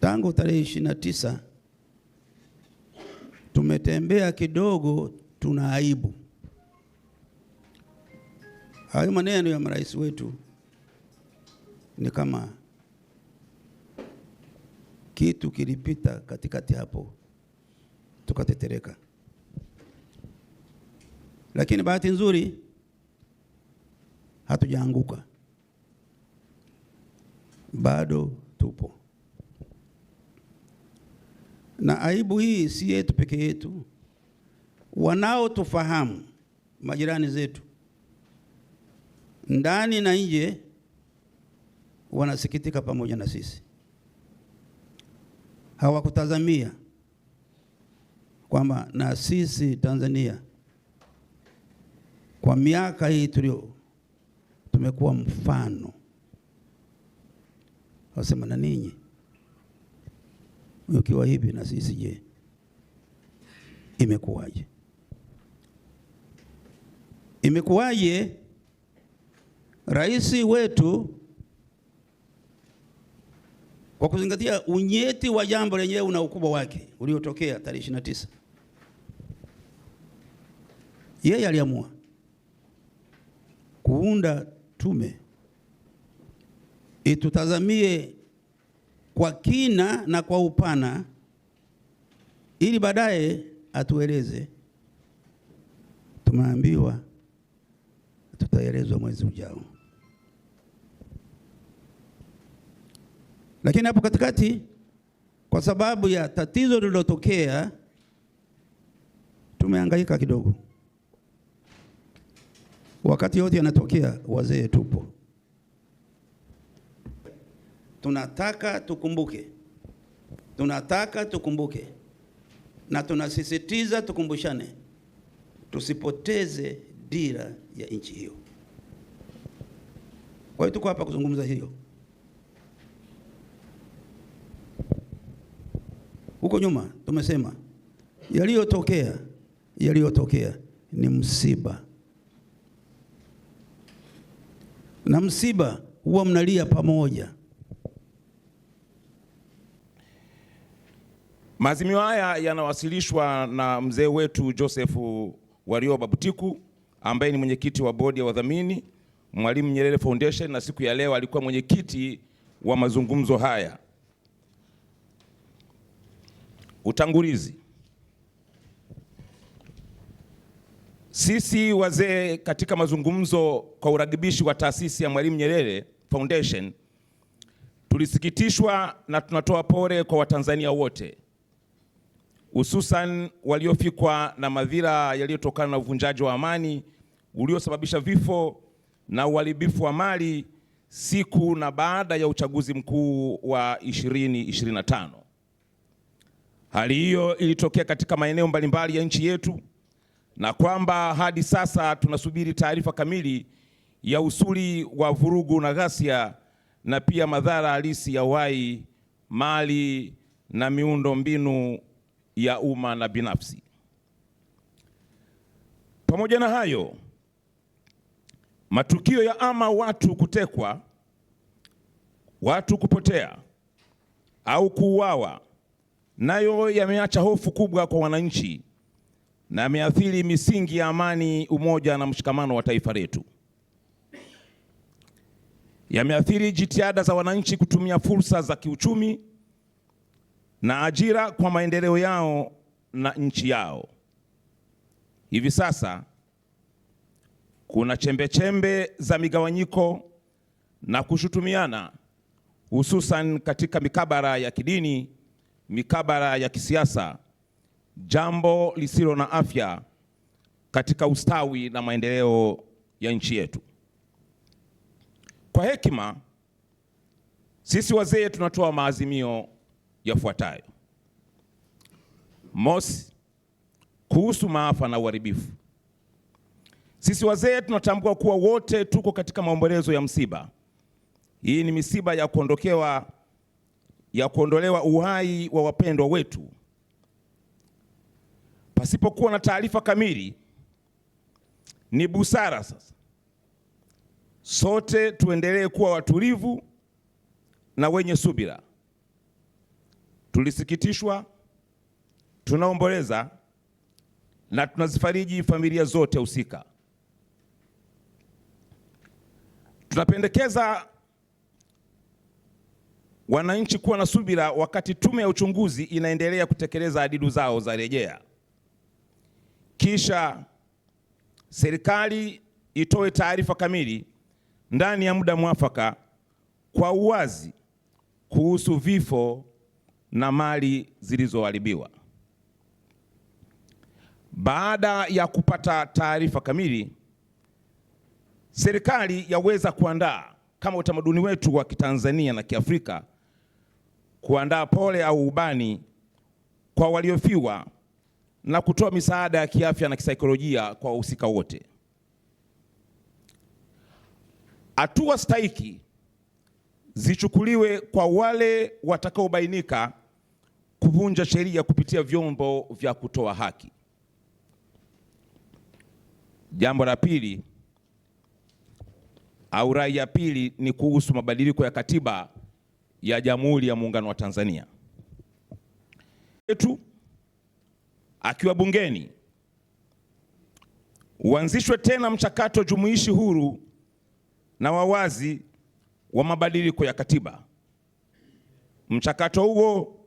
tangu tarehe ishirini na tisa tumetembea kidogo, tuna aibu. Hayo maneno ya marais wetu ni kama kitu kilipita katikati hapo, tukatetereka. Lakini bahati nzuri hatujaanguka, bado tupo. Na aibu hii si yetu peke yetu, wanaotufahamu majirani zetu ndani na nje wanasikitika pamoja na sisi. Hawakutazamia kwamba na sisi Tanzania kwa miaka hii tulio tumekuwa mfano, wasema na ninyi ukiwa hivi na sisi je, imekuwaje? Imekuwaje rais wetu kwa kuzingatia unyeti wa jambo lenyewe una ukubwa wake uliotokea tarehe 29, yeye aliamua kuunda tume itutazamie kwa kina na kwa upana, ili baadaye atueleze. Tumeambiwa tutaelezwa mwezi ujao. Lakini hapo katikati, kwa sababu ya tatizo lililotokea, tumehangaika kidogo. Wakati yote yanatokea, wazee tupo tunataka tukumbuke, tunataka tukumbuke na tunasisitiza tukumbushane, tusipoteze dira ya nchi hiyo. Kwa hiyo tuko hapa kuzungumza hiyo. Huko nyuma tumesema yaliyotokea, yaliyotokea ni msiba, na msiba huwa mnalia pamoja. Maazimio haya yanawasilishwa na mzee wetu Joseph Warioba Butiku ambaye ni mwenyekiti wa bodi ya wadhamini Mwalimu Nyerere Foundation na siku ya leo alikuwa mwenyekiti wa mazungumzo haya. Utangulizi. Sisi wazee katika mazungumzo kwa uragibishi wa taasisi ya Mwalimu Nyerere Foundation tulisikitishwa na tunatoa pole kwa Watanzania wote hususan waliofikwa na madhira yaliyotokana na uvunjaji wa amani uliosababisha vifo na uharibifu wa mali siku na baada ya uchaguzi mkuu wa 2025. Hali hiyo ilitokea katika maeneo mbalimbali ya nchi yetu na kwamba hadi sasa tunasubiri taarifa kamili ya usuli wa vurugu na ghasia na pia madhara halisi ya uhai, mali na miundo mbinu ya umma na binafsi. Pamoja na hayo, matukio ya ama watu kutekwa, watu kupotea au kuuawa, nayo yameacha hofu kubwa kwa wananchi na yameathiri misingi ya amani, umoja na mshikamano wa taifa letu. Yameathiri jitihada za wananchi kutumia fursa za kiuchumi na ajira kwa maendeleo yao na nchi yao. Hivi sasa kuna chembechembe -chembe za migawanyiko na kushutumiana hususan katika mikabara ya kidini, mikabara ya kisiasa, jambo lisilo na afya katika ustawi na maendeleo ya nchi yetu. Kwa hekima, sisi wazee tunatoa maazimio yafuatayo. Mosi, kuhusu maafa na uharibifu. Sisi wazee tunatambua kuwa wote tuko katika maombolezo ya msiba. Hii ni misiba ya kuondokewa, ya kuondolewa uhai wa wapendwa wetu pasipokuwa na taarifa kamili. Ni busara sasa sote tuendelee kuwa watulivu na wenye subira Tulisikitishwa, tunaomboleza na tunazifariji familia zote husika. Tunapendekeza wananchi kuwa na subira wakati tume ya uchunguzi inaendelea kutekeleza adidu zao za rejea, kisha serikali itoe taarifa kamili ndani ya muda mwafaka kwa uwazi kuhusu vifo na mali zilizoharibiwa. Baada ya kupata taarifa kamili, serikali yaweza kuandaa kama utamaduni wetu wa Kitanzania na Kiafrika, kuandaa pole au ubani kwa waliofiwa na kutoa misaada ya kiafya na kisaikolojia kwa wahusika wote. Hatua stahiki zichukuliwe kwa wale watakaobainika kuvunja sheria kupitia vyombo vya kutoa haki. Jambo la pili au rai ya pili ni kuhusu mabadiliko ya katiba ya Jamhuri ya Muungano wa Tanzania etu akiwa bungeni uanzishwe tena mchakato jumuishi huru na wawazi wa mabadiliko ya katiba. Mchakato huo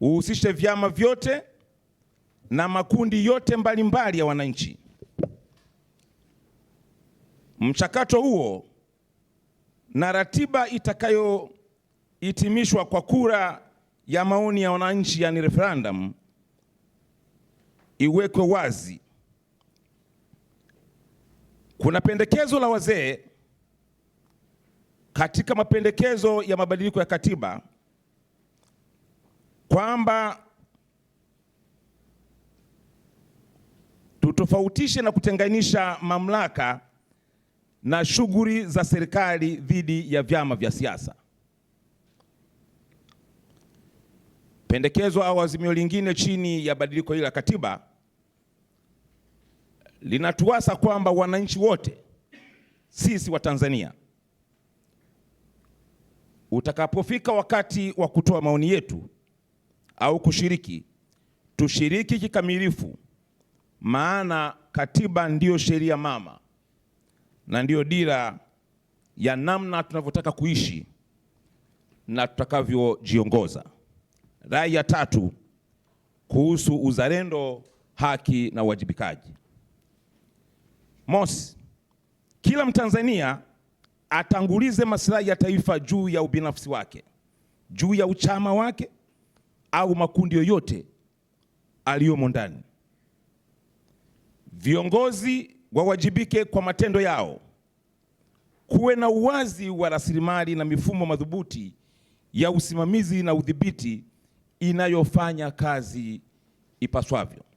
uhusishe vyama vyote na makundi yote mbalimbali mbali ya wananchi. Mchakato huo na ratiba itakayohitimishwa kwa kura ya maoni ya wananchi, yani referendum, iwekwe wazi. Kuna pendekezo la wazee katika mapendekezo ya mabadiliko ya katiba kwamba tutofautishe na kutenganisha mamlaka na shughuli za serikali dhidi ya vyama vya siasa. Pendekezo au azimio lingine chini ya badiliko hili la katiba linatuasa kwamba wananchi wote sisi wa Tanzania, utakapofika wakati wa kutoa maoni yetu au kushiriki, tushiriki kikamilifu, maana katiba ndiyo sheria mama na ndiyo dira ya namna tunavyotaka kuishi na tutakavyojiongoza. Rai ya tatu kuhusu uzalendo, haki na uwajibikaji. Mosi, kila Mtanzania atangulize maslahi ya taifa juu ya ubinafsi wake, juu ya uchama wake au makundi yoyote aliyomo ndani. Viongozi wawajibike kwa matendo yao. Kuwe na uwazi wa rasilimali na mifumo madhubuti ya usimamizi na udhibiti inayofanya kazi ipaswavyo.